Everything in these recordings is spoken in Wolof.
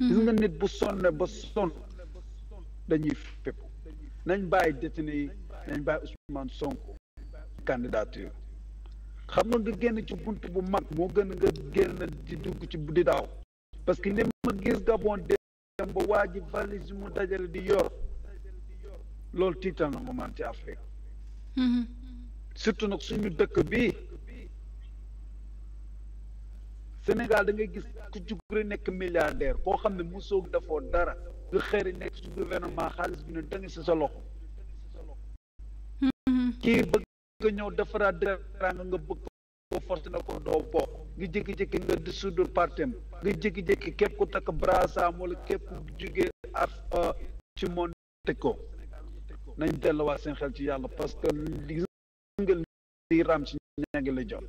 gis nga mhm. nit bu sonn ba sonn dañuy fépp nañ bàyyi détenu yi nañ bàyyi Ousmane Sonko candidature xam nga nga génn ci bunt bu mag moo gën nga génn di dugg ci bu di daaw parce que li ma gis Gabon dem ba waa ji valise mu dajale di yor loolu tiital na ma man ci Afrique mhm. surtout nag suñu dëkk bi Sénégal da ngay gis ku jugre nekk milliardaire koo xam ne mosoo defoo dara nga xëy nekk ci gouvernement xaalis bi ne danga si sa loxo. Hmm. kii bëgg nga ñëw defaraat dara nga bëgg ko force na ko doo bokk nga jékki-jékki nga dissoudre partem nga jékki-jékki képp ku takk brassam wala képp ku jógee af euh, ci moom teg ko nañ delluwaat seen xel ci yàlla parce que li raam ci ña ngi la jot.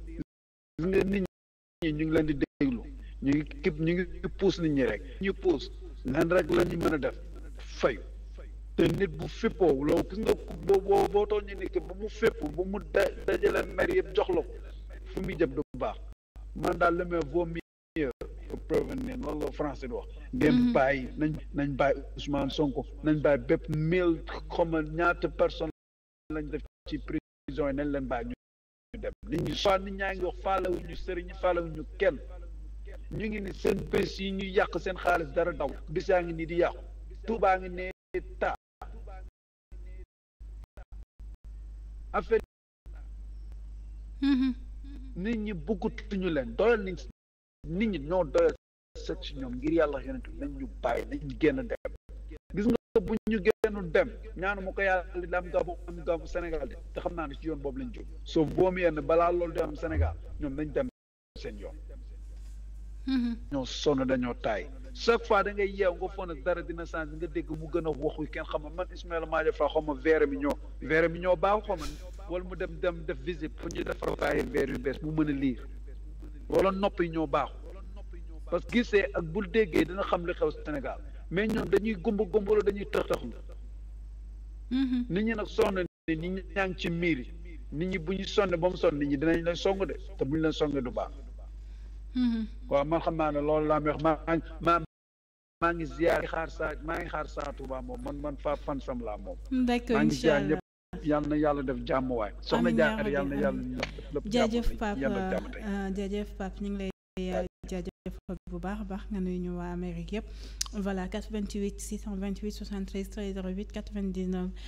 ñi ñu ngi leen di déglu ñu ngi képp ñu ngi puus nit ñi rek ñu puus leen rek la ñu mën a def fayu te nit bu féppoo loolu gis nga boo boo boo tool ñu nekk ba mu fépp ba mu da mer yëpp jox la ko fu muy jëm du baax man daal le mais vaut mieux prévenir loolu la français ngeen mhm. bàyyi nañ nañ bàyyi Ousmane Sonko nañ bàyyi bépp mille xoma ñaata personne lañ def ci prison yi nañ leen bàyyi dem li ñu soit nit ñaa ngi wax faalewuñu sëriñ faalewuñu kenn ñu ngi ni seen bés yi ñu yàq seen xaalis dara daw bés yaa ngi nii di yàqu tuubaa ngi ne taa affaire mhm. nit ñi bëggatuñu leen doyal nañ nit ñi ñoo doyal set si ñoom ngir yàlla yonent nañ ñu bàyyi nañ génn dem bu ñu génn dem ñaanu mu ko yàlla di am gabu am gabu Sénégal de te xam naa ne ci yoon boobu lañ jóg soo boobu yenn balaa loolu di am Sénégal ñoom dañ dem seen yoon mhm. ñoo sonn dañoo taay chaque fois da ngay yeew nga foog ne dara dina change nga dégg mu gën a waxu kenn xam man Ismaïla Madior Fall xaw ma verre mi ñoo verre mi ñoo baax xaw ma wala mu dem dem def visite pour ñu defar kaay verre yu bees mu mën a liir wala nopp yi ñoo baaxu parce que gisee ak bu déggee dina xam li xew Sénégal mais ñoom dañuy gumba gumba la dañuy tax tax mm-hmm. nit ñi nag sonn ni nit ñi ñaa ngi ci miir yi nit ñi bu ñu sonne ba mu sonn nit ñi dinañ leen song de te bu ñu leen du baax mm-hmm. waaw man xam naa ne loolu laa may wax maa maa maa ngi ziar xaar saa maa ngi xaar saa Tuuba moom man man fa fan sam laa moom maa ngi ziar ñëpp yàlla na yàlla def jàmm waay soxna jaar yàlla yàlla def lépp jàmm jaajëf Pape ah, jaajëf ñu ngi lay jaajëf jëfal bu baax a baax nga nuyu ñu waa Amérique yëpp voilà 88 628 73 308 99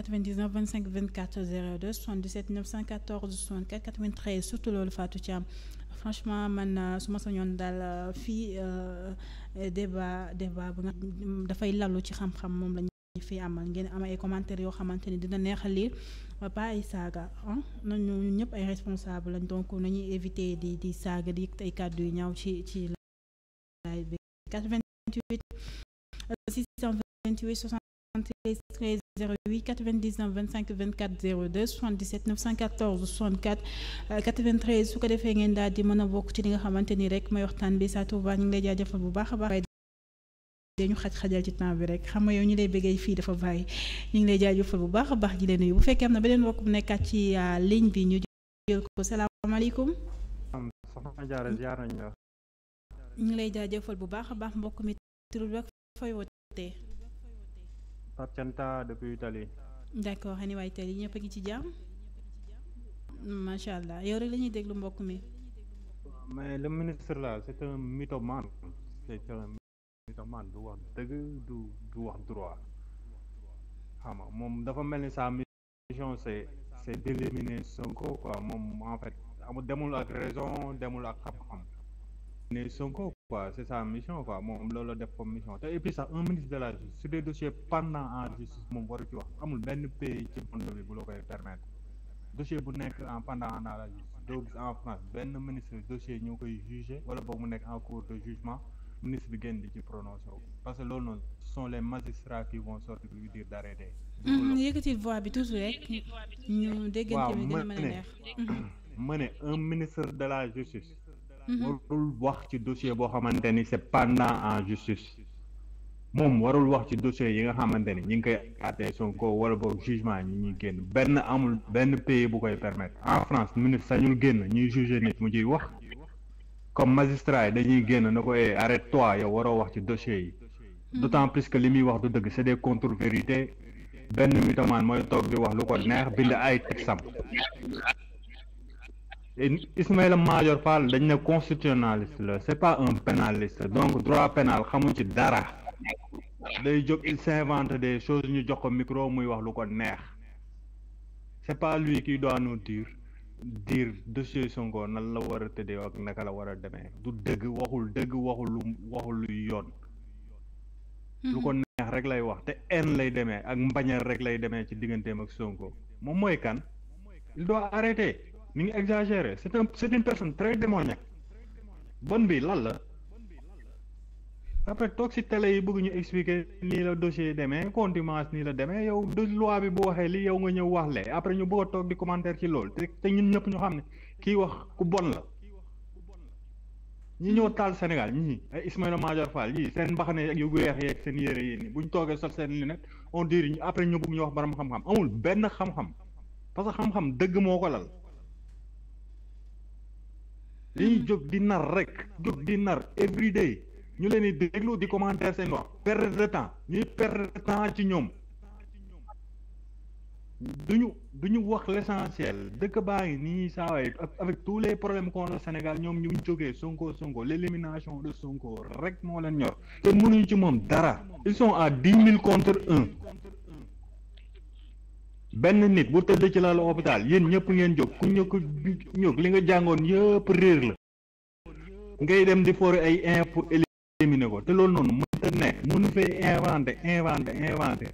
99 25 24 02 77 914 64 93 surtout loolu Fatou Thiam franchement man euh, su ma sañoon daal euh, fii euh, débat débat bu nga dafay lalu ci xam-xam moom lañ ñu fi amal ngeen am ay commentaires yoo xamante ni dina neex a lire pas ay saaga ah nañu ñun ñëpp ay responsable lañ donc nañuy éviter di di saaga di yëg ay kàddu yu ñaaw ci ci live bi 88 628 73 13 08 99 25 24 02 77 914 64 93 su ko defee ngeen daal di mën a bokk ci li nga xamante ni rek may waxtaan bi saa Touba ñu ngi lay jaajëfal bu baax a baax dañu xaj-xajal ci temps bi rek xam nga ñu lay bëggee fii dafa bàyyi ñu ngi lay jaajëfal bu baax a baax ji bu fekkee am na nekkaat ci euh, ligne bi ñu jël ko salaamaaleykum. ñu ngi lay jaajëfal bu baax a baax mbokk mi tur bi fooy wootee. Pape Thianta depuis Italie. d'accord xëy ñëpp a ngi ci jàmm. macha allah yow rek la déglu mbokk mi. mais le ministre man du wax dëgg du wax droit xam nga moom dafa mel ni sa mission c'est c'est d'éliminer Sonko quoi moom en fait amul demul ak raison demul ak xam-xam ne Sonko quoi c'est sa mission quoi moom loolu def comme mission et puis sax un ministre de la justice sur des dossiers pendant en justice moom waru ci wax amul benn pays ci monde bi bu la koy permettre dossier bu nekk en pendant en la justice doo en France benn ministre dossier ñoo koy jugé wala boog mu nekk en cours ministre bi génn di ci prononcé wu parce que loolu noonu ce sont les magistrats qui vont sortir lui dire d' arrêter. Mm-hmm. yëkkati voix bi toujours rek ñu déggante mën a neex. Mm-hmm. ne un ministre de la justice. Mm-hmm. wax ci dossier boo xamante ni est pendant en justice. moom warul wax ci dossier yi nga xamante ni ñu ngi koy àttee Sonko wala boobu jugement ñi ñu génn benn amul benn pays bu koy permettre en France ministre sañul génn ñuy juger nit mu ciy wax. comme magistrat yi dañuy génn na ko eh arrête toi yow waroo wax ci dossier yi hmm. d'autant plus que li muy wax du dëgg c'est des contre-vérités benn mythomane mooy toog di wax lu ko neex bind ay texam Ismaïla Madior Fall dañ ne constitutionnaliste la c'est pas un pénaliste donc droit pénal xamuñ ci dara day jóg il s'invente des choses ñu jox ko micro muy wax lu ko neex c'est pas lui qui doit nous diir dossier Sonko nan la war a ak naka la war a demee du dëgg waxul dëgg waxul lu waxul lu yoon. lu ko mhm. neex rek lay wax te en lay demee ak mbañal rek lay demee ci digganteem ak Sonko moom mooy kan il doit arrêter mi ngi exagérer c'est un c'est une personne très démoniaque bon bi lan la. après toog si télé yi bëgg ñu expliquer nii la dossier yi demee contumace nii la demee yow du loi bi bu waxee li yow nga ñëw wax lee après ñu bëgg toog di commentaire ci loolu te te ñun ñëpp ñu xam ne ki wax ku bon la ñi ñëw taal Sénégal ñii ay Ismaïla Madior Fall yii seen mbaxane ak yu weex yeeg seen yére yi nii bu ñu toogee sol seen lunette on dirait après ñu bëgg ñu wax borom xam-xam amul benn xam-xam parce que xam-xam dëgg moo ko lal li ñu jóg di nar rek jóg nar every day ñu leen di déglu di commentaire seen wax perte de temps ñuy perte de temps ci ñoom duñu duñu wax l'essentiel dëkk baa ngi nii saa waay avec tous les problèmes qu'on a ñoom ñu jógee Sonko Sonko l'élimination de Sonko rek moo leen ñor te mënuñu ci moom dara ils à dix mille contre un benn nit bu tëdd ci lalu hôpital yéen ñëpp ngeen jóg ku ñëkk ñëg li nga jàngoon yëpp réer la ngay dem di foore ay impôt éliminé ko te loolu noonu mënta nekk mënu fee inventé inventé inventé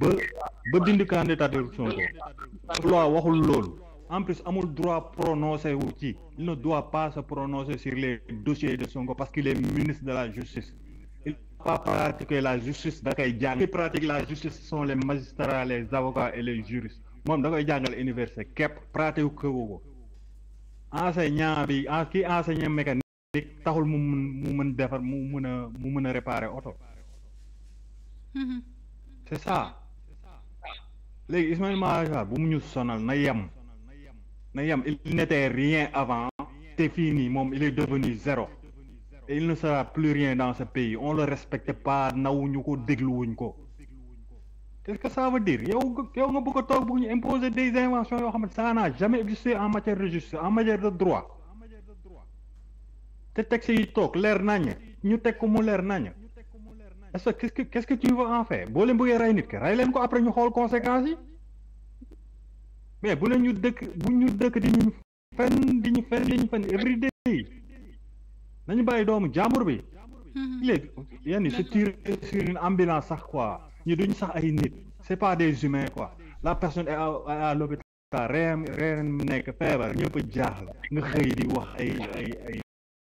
ba ba dindi candidature Sonko loi waxul loolu en plus amul droit prononcer wu ci il ne doit pas se prononcer sur les dossiers de Sonko parce que les ministre de la justice il n'a pas pratiqué la justice da koy jàng qui pratique la justice sont les magistrats les avocats et les juristes moom da koy jàngal université képp pratique ko ko enseignant bi ki enseignant mécanique li taxul mu mun mu mën defar mu mën a mu mën a réparer oto mm-hmm. c'est ça léegi Ismaïla Madior Fall bu mu ñu sonal na yem na yem il n'était rien avant te fii nii moom il est devenu zéro et il ne sera plus rien dans ce pays on le respecte pas nawuñu ko dégluwuñ ko qu'est-ce que ça veut dire yow yow nga bëgg a toog bëgg ñu imposer des inventions yoo xamante ça n'a jamais existé en matière de justice en matière de droit te texte yi toog leer naññ ñu teg ko mu leer naññ est-ce que qu'est-ce que tu veux en faire boo leen bëggee rey nit ki rey leen ko après ñu xool conséquences yi mais bu leen ñu dëkk bu ñu dëkk di ñu fenn di ñu fenn di ñu yi nañu bàyyi doomu jàmbur bi mm-hmm. léegi yenn se tiré sur une sax quoi ñu duñ sax ay nit c'est pas des humains quoi la personne est à l'hôpital reer mu nekk feebar ñëpp jaaxle nga xëy di wax ay ay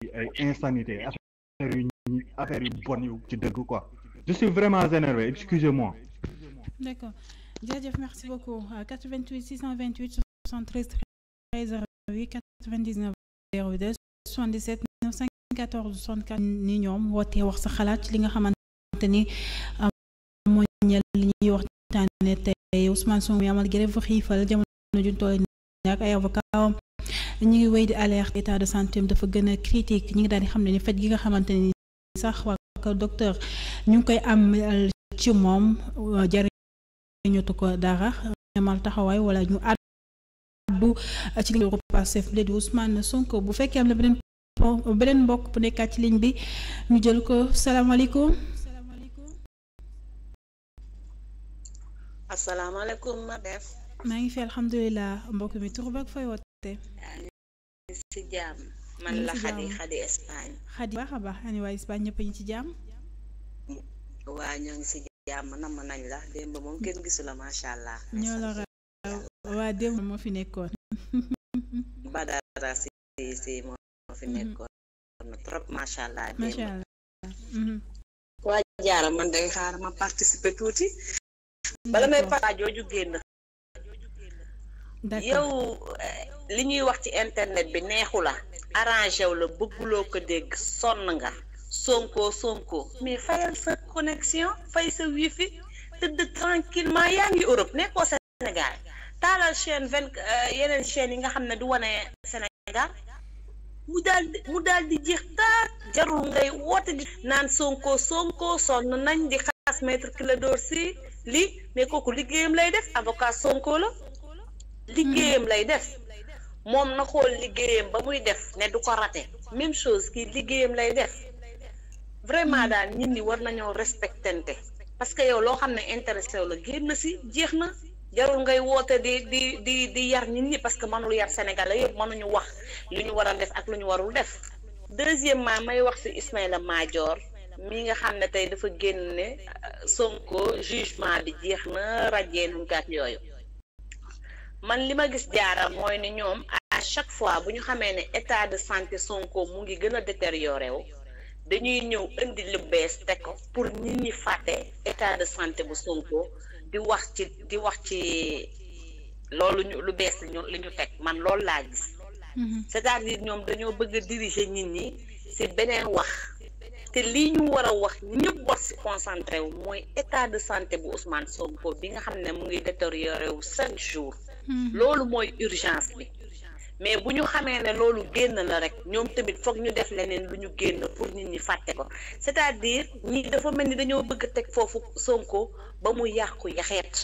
ay euh, insanité affaire yu affaire yu bon yu ci dëgg quoi je suis vraiment énervé excusez-moi. d'accord jërëjëf merci beaucoup 88 628 73 13 08 99 02 77 914 64 ni ñoom wootee wax sa xalaat ci li nga xamante ni euh, moo ñeel li ñuy waxtaane tey Ousmane Sonko amal grève xiifal jamono ju toll ak ay avocatam ñi ngi wéy di alerte état de santé dafa gën a critique ñi ngi daal di xam ne ni faj gi nga xamante ni sax waa docteur ñu ngi koy am ci moom jariñotu ko dara ñamal taxawaay wala ñu àddu ci ligne bi bu fekkee am na beneen beneen mbokk bu nekkaat ci ligne bi ñu jël ko salaamaaleykum. asalaamaaleykum ma def. maa ngi fi alhamdulilah mbokk mi tur ba fooy woote. si jàmm man la xadi xadi Espagne. xadi ñu ci jàmm. waa ñoo ngi si jàmm namm nañ la démb moom kenn gisu la allah. waa démb moo fi nekkoon. Badara si si moo fi mm-hmm. nekkoon trop macha allah. macha allah mm-hmm. waa jaara man day xaar ma participer tuuti. bala may paa jooju génn. yow eh, li ñuy wax ci internet bi neexu la arrangé wu la bëgguloo ko dégg sonn nga sonko sonko mais fayal sa connexion fay sa wifi tëdd tranquillement yaa ngi Europe nekkoo Sénégal taalal chaîne vingt euh, yeneen chaîne yi nga xam ne du wane Sénégal mu daal di mu daal di jeex taat jarul ngay woote di naan sonko sonko sonn nañ di xas maître Clédor Sy lii mais kooku liggéeyam lay def avocat sonko la liggéeyam lay def moom na xool liggéeyam ba muy def ne du ko rate même chose kii liggéeyam lay def vraiment hmm. daal nit ñi war nañoo respectante parce que yow loo xam ne intéressé wu la génn si jeex na jarul ngay woote di di di di yar nit ñi parce que mënul yar sénégalais yëpp mënuñu wax lu ñu war a def ak lu ñu warul def deuxièmement may wax si Ismaïla Madior mi nga xam ne tey dafa génn ne euh, Sonko jugement bi jeex na rajee nuñ kaat yooyu man li ma gis jaara mooy ne ñoom à chaque fois bu ñu xamee ne état de santé Sonko mu ngi gën a détérioré wu dañuy ñëw indi lu bees teg ko pour nit ñi fàtte état de santé bu Sonko di wax ci di wax ci loolu ñu lu bees ñu li ñu teg man loolu laa gis mhm. c'est-à-dire ñoom dañoo bëgg a diriger nit ñi ci beneen wax te lii ñu war a wax ñëpp wax ci concentré wu mooy état de santé bu Ousmane Sonko bi nga xam ne mu ngi détérioré wu chaque jour Mm-hmm. loolu mooy urgence bi mais bu ñu xamee ne loolu génn la rek ñoom tamit foog ñu def leneen lu ñu génn pour nit ñi fàtte ko c'est-à-dire ñi dafa mel ni dañoo bëgg teg foofu Sonko ba mu yàqu yaxeet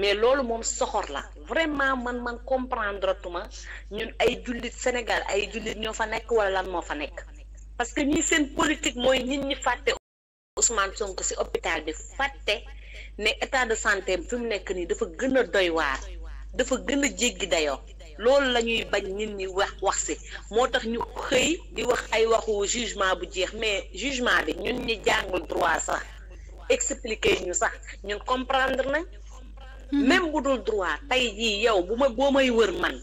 mais loolu moom soxor la vraiment man man comprendre tuma ñun ay jullit Sénégal ay jullit ñoo fa nekk wala lan moo fa nekk parce que ñi seen politique mooy nit ñi fàtte Ousmane Sonko ci hôpital bi fàtte ne état de santé fi mu nekk nii dafa gën a doy waar dafa gën a jéggi dayoo loolu la ñuy bañ nit ñi wax wax si moo tax ñu xëy di wax ay waxu jugement bu jeex mais jugement bi ñun ñi jàngul droit sax expliquer ñu sax ñun comprendre nañ hmm. même bu dul droit tey jii yow bu ma boo may wër man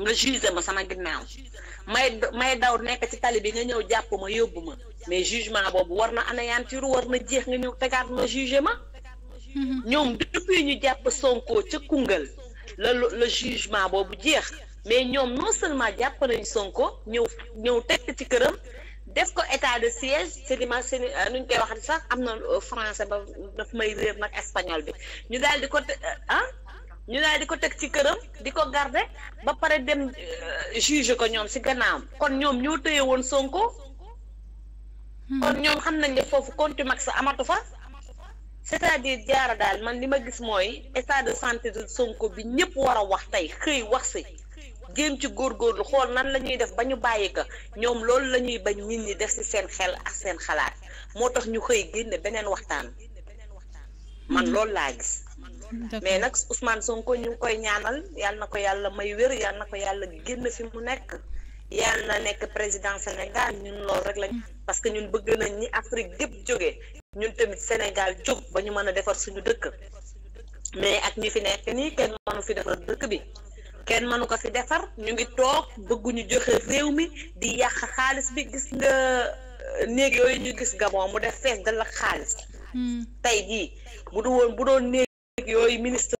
nga jugé ma sama ginnaaw may may daw nekk ci tali bi nga ñëw jàpp ma yóbbu ma mais jugement boobu war na anéantir war na jeex nga ñëw tegaat ma jugé ma ñoom depuis ñu jàpp Sonko ca Koungheul la le jugement boobu jeex mais ñoom non seulement jàpp nañ Sonko ñëw ñëw tekk ci këram def ko état de siège sédiment séni euh, nu ñu koy waxati sax am na euh, français ba daf may réer nag espagnol bi ñu daal di ko euh, ah ñu daal di ko teg ci këram di ko garde ba pare dem juge ko ñoom si gannaawam kon ñoom ñoo tëye woon Sonko hmm. kon ñoom xam nañ ne foofu contumax amatu fa c'est-à-dire jaara daal man li ma gis mooy état de santé de Sonko bi ñëpp war wax tey xëy wax si jéem ci góor góorgóorlu xool nan la ñuy def ba ñu bàyyi ko ñoom loolu la ñuy bañ nit ñi def si seen xel ak seen xalaat moo tax ñu xëy génne beneen waxtaan man loolu laa gis. mais nag Ousmane Sonko ñu ngi koy ñaanal yàlla na ko yàlla may wér yàlla na ko yàlla génn fi mu nekk. yàlla na nekk président Sénégal ñun loolu rek lañ mm. parce que ñun bëgg nañ ñi Afrique gépp jógee ñun tamit Sénégal jóg ba ñu mën a defar suñu dëkk mais ak ñi fi nekk nii kenn mënu fi defar dëkk bi kenn mënu ko fi defar ñu ngi toog bëgguñu joxe réew mi di yàq xaalis bi gis nga euh, néeg yooyu ñu gis Gabon mu def fees dal ak xaalis mm. tey jii bu du woon bu doon néeg yooyu ministre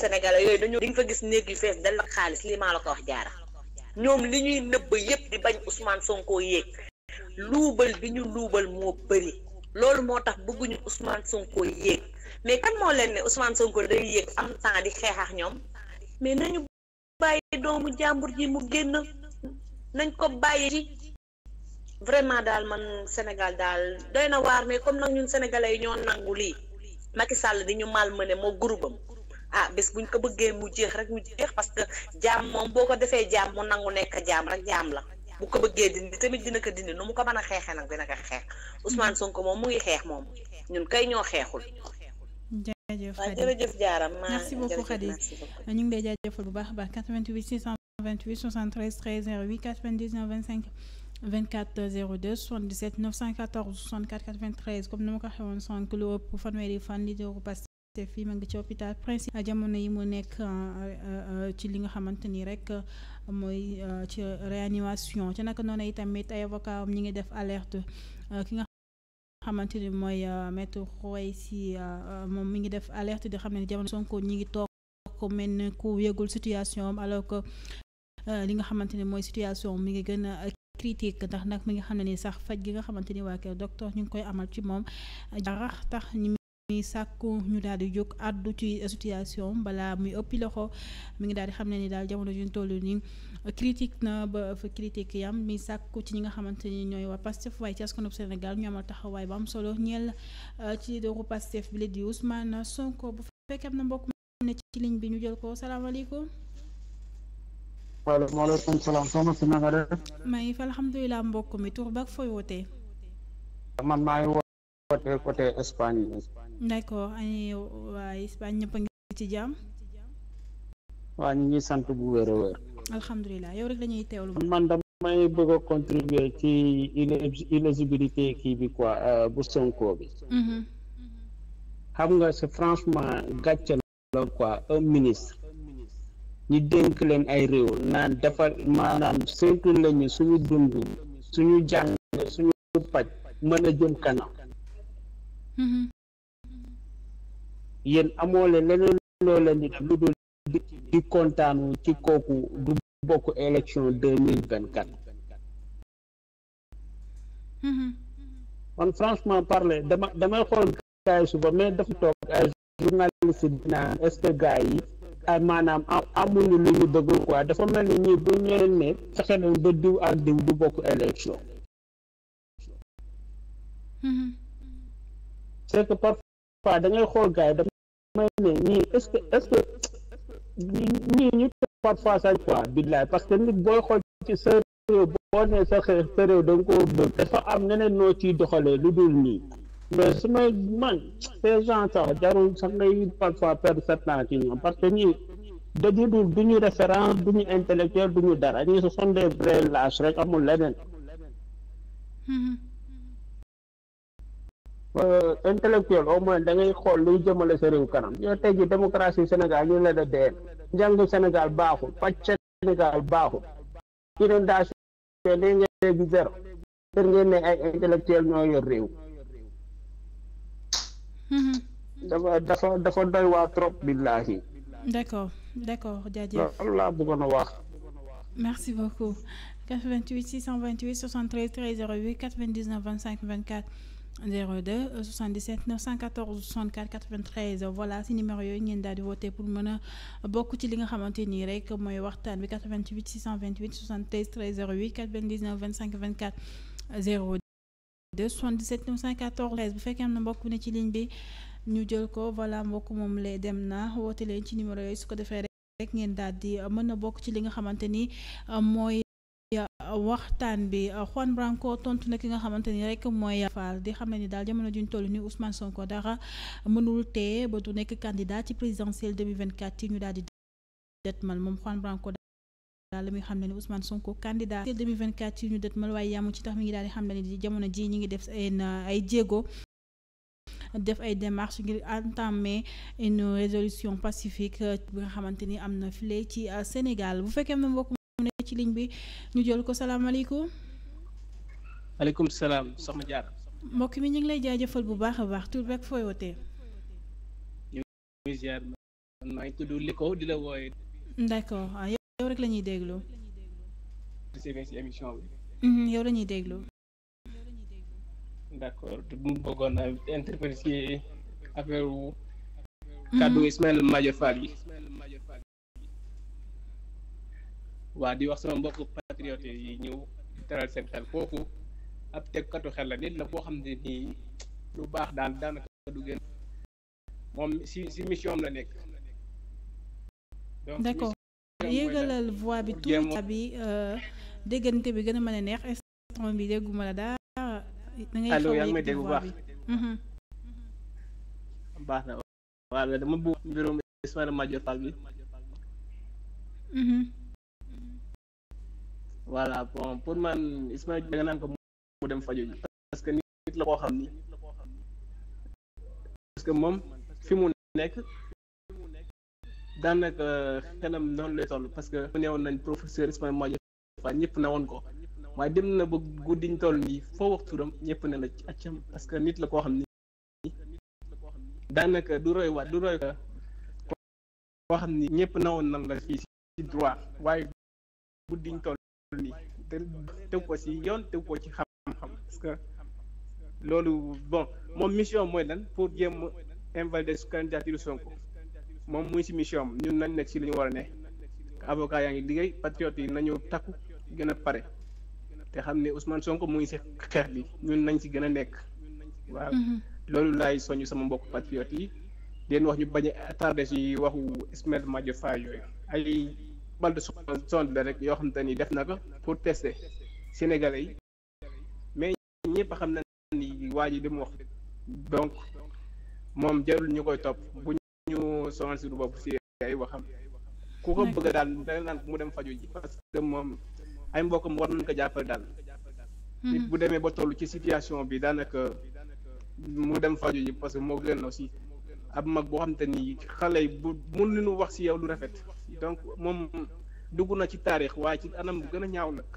sénégalais yooyu dañoo di fa gis néeg yu fees dal ak xaalis lii maa la ko wax jaara ñoom li ñuy nëbb yépp di bañ Ousmane Sonko yéeg luubal bi ñu luubal moo bëri loolu moo tax bëgguñu Ousmane Sonko yéeg mais kan moo leen ne Ousmane Sonko day yéeg am temps di xeexax ñoom mais nañu bàyyi doomu jàmbur ji mu génn nañ ko bàyyi ci vraiment daal man Sénégal daal doy na waar mais comme nag ñun sénégalais yi ñoo nangu lii Macky Sall di ñu mal mëne moo groupam ah bés buñ ko bëggee mu jeex rek mu jeex parce que jaam moom boo ko defee jaam mu nangu nekk jaam rek jaam la bu ko bëggee dindi tamit dina ko dindi nu mu ko mën a xeexee nag dina ko xeex Ousmane Sonko moom mu ngi xeex moom ñun kay ñoo xeexul. jërëjëf Khady jërëjëf jaaram maa merci beaucoup Khady ñu ngi lay jaajëfal bu baax a baax 88 628 73 13 08 99 25 24 02 77 914 64 93 comme ni ma ko waxee te fii ma ngi ci hôpital ah, jamono yi mu nekk ah, ah, ci li nga xamante nii rek mooy ci réanimation ci naka noonu itamit ay avocat ñi ngi def alerte ki nga xamante ni mooy maître Roy si moom mi ngi def alerte di xam ne jamono Sonko ñi ngi toog ko mel ne ku yëgul situation am alors que li nga xamante ni mooy situation mi ngi gën a critique ndax nag mi nga xam ne ni sax faj gi nga xamante ni waa kër docteur ñu ngi koy amal ci moom jarax tax mi sàkku ñu daal di jóg àddu ci situation balaa muy ëppi loxo mu ngi daal di xam ne ni daal jamono juñ toll ni critique na ba fa critique yam mi sàkku ci ñi nga xamante ni ñooy waa Pastef waaye ci askanub Sénégal ñu amal taxawaay ba am solo ñeel euh, ci dooru Pastef bi la di Ousmane Sonko bu fekkee am na mbokk ne bi ñu jël ko salaamaaleykum. waaleykum salaam soxna si na mi tur ba ak fooy wootee. côté côté ay waa Espagne a ngi ci jàmm. waa ñu ngi sant bu wér a wér. alhamdulilah yow rek lañuy teewlu. man damay bëgg a contribuer ci inéligibilité kii bi quoi euh, bu Sonko bi. Mhm. xam nga c'est franchement gàcce la quoi un ministre. ñu dénk leen ay réew naan defar maanaam séntu lañu suñu dund suñu jàng suñu paj mën a jëm kanam. Mm-hmm. yéen amoo leneen loo leen lu dul di kontaanu ci kooku du bokk élection deux mille mm-hmm. man franchement parler damay xool gars yi suba mais dafa toog ay journaliste dinaan yi ay maanaam amuñu lu ñu bëgg quoi dafa mel ni ñi bu ñeen ne fexe nañ ba diw ak diw du bokk élection mm-hmm. c'est que parfois da ngay xool gars yi da may ne ñii est-ce que est-ce que ñii ñu parfois sax quoi billaay parce que nit booy xool ci sa réew boo koo bëgg dafa am neneen noo ciy doxalee lu dul nii mais su may man ces gens sax jarul sa ngay parfois perdre sa temps ñoom parce que ñii dañu dul du ñu référence du ñu ñu dara ñii ce sont des vrais rek amul leneen mm-hmm. Euh, intellectuel au moins da ngay xool luy jëmale sa réew kanam yow tey ji démocratie Sénégal ñu la da deen njàng Sénégal baaxul pàcc Sénégal baaxul inondation ne ngeen léegi zéro për ngeen ne ay intellectuel ñoo yor réew mm-hmm. dafa dafa dafa doy waa trop billahi d'accord d'accord jaajëf loolu laa bëggoon a wax merci beaucoup 88 628 73 08 99 25 24 02 77 914 64 93 voilà si numéro yooyu ngeen daal di woote pour mën a bokk ci li nga xamante nii rek mooy waxtaan bi 88 628 73 13 08 99 25 24 02 77 914 13 bu fekkee am na mbokk ne ci ligne bi ñu jël ko voilà mbokk moom lay dem na woote leen ci numéro yooyu su ko defee rek ngeen daal mën a bokk ci li nga xamante euh, waxtaan bi euh, Juan Branco tontu na ki nga xamante ni rek mooy Fall di xam ne ni daal jamono juñ toll ni son Sonko dara mënul tee ba du nekk candidat ci présidentielle 2024 yi ñu daal di detmal moom Juan Branco daal muy xam ne ni Ousmane Sonko candidat 2024 yi ñu detmal waaye yamu ci tax mi ngi daal xam ne ni jamono ji ñi ngi def euh, ay jéego def ay démarches ngir entamer une résolution pacifique euh, bi nga xamante ni am na file ci ci ligne bi ñu jol ko salaamaaleykum. maaleykum salaam soxna Diarra. mbokk mi ñu ngi lay jaajëfal bu baax a baax tur beeg fooy wootee. ñu ngi ziar man maa Liko di la wooyee. Ah, yow rek la ñuy déglu. ci émission bi. Mm-hmm, ñuy déglu. d'accord mu bëggoon a interpréter wu. Mm-hmm. kàddu Ismaël Madior Fall yi. waa di wax sama mbokku patriote yi ñëw teral seen xel kooku ab tegkatu xel la nit boo xam ne nii lu baax daal daanaka du gën moom si si mission am la nekk donc d'accord yéegalal bi tuuti bi euh, déggante bi gën a neex instant bi dégguma la daa da ngay allo yaa ngi may dégg bu baax mhm. baax na waaw dama bëgg mbirum Ismaïla Madior Fall bi mhm. voilà bon pour man Ismaël Diop nga naan ko mu dem fajo ji parce que nit la koo xam ni parce que moom fi mu nekk daanaka xelam noonu la toll parce que mu newoon nañ professeur Ismaël Madior Fall ñëpp na woon ko waaye dem na ba guddiñ toll nii foo wax turam ñëpp ne la accam parce que nit la koo xam ni daanaka du roy waat du roy koo xam ni ñëpp na woon nan la fii ci droit waaye guddiñ toll nii te teg ko ci yoon teg ko ci xam-xam parce que loolu bon moom mission mooy lan pour jéem invalider su candidature Sonko moom muy ci mission am ñun nañ nekk ci li ñu war a ne avocat yaa ngi liggéey patriote yi nañu takku gën a pare te xam ne Ousmane Sonko mu ngi ci xeex bi ñun nañ ci gën a nekk waaw mhm. loolu laay soñ sama mbokk patriote yi leen wax ñu bañ a attardé ci waxu Ismaël Madior Faye bal de sonde la rek yoo xam te ni def na ko pour tester sénégalais yi mais ñëpp xam na ni waa ji li mu wax donc moom jarul ñu koy topp bu ñu sonal suñu bopp si ay waxam ku ko bëgg daal danga naan mu dem faju ji parce que moom ay mbokkam war nañ ko jàppale daal hmm. nit ba toll ci situation bi daanaka mu dem faju ji parce que moo gën aussi ab mag boo xam te ni xale yi bu mënuñu wax si yow lu rafet donc moom dugg na ci taarix waaye ci anam bu gën a ñaaw nag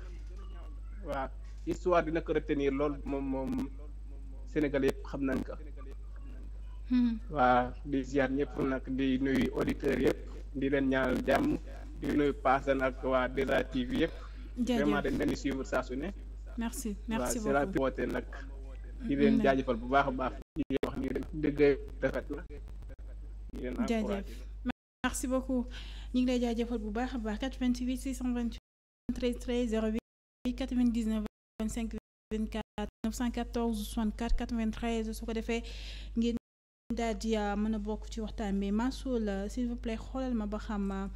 waaw histoire dina ko retenir lool moom moom Sénégal yëpp xam nañ ko. Hmm. waa di ziar ñëpp nag di nuyu auditeurs yëpp di leen ñaanal jàmm di nuyu Paasan ak waa 2A TV yëpp. jaajëf vraiment dañ suivre saa ne. merci merci beaucoup la woote nag. di leen hmm. jaajëfal bu baax a baax di wax merci beaucoup ñu ngi lay jaajëfal bu baax a baax 88 628 13 13 08 99 25 24 914 64 93 su ko defee ngeen daal di ah, mën a bokk ci waxtaan bi Mansour s'il vous plaît xoolal ma ba xam. Ah,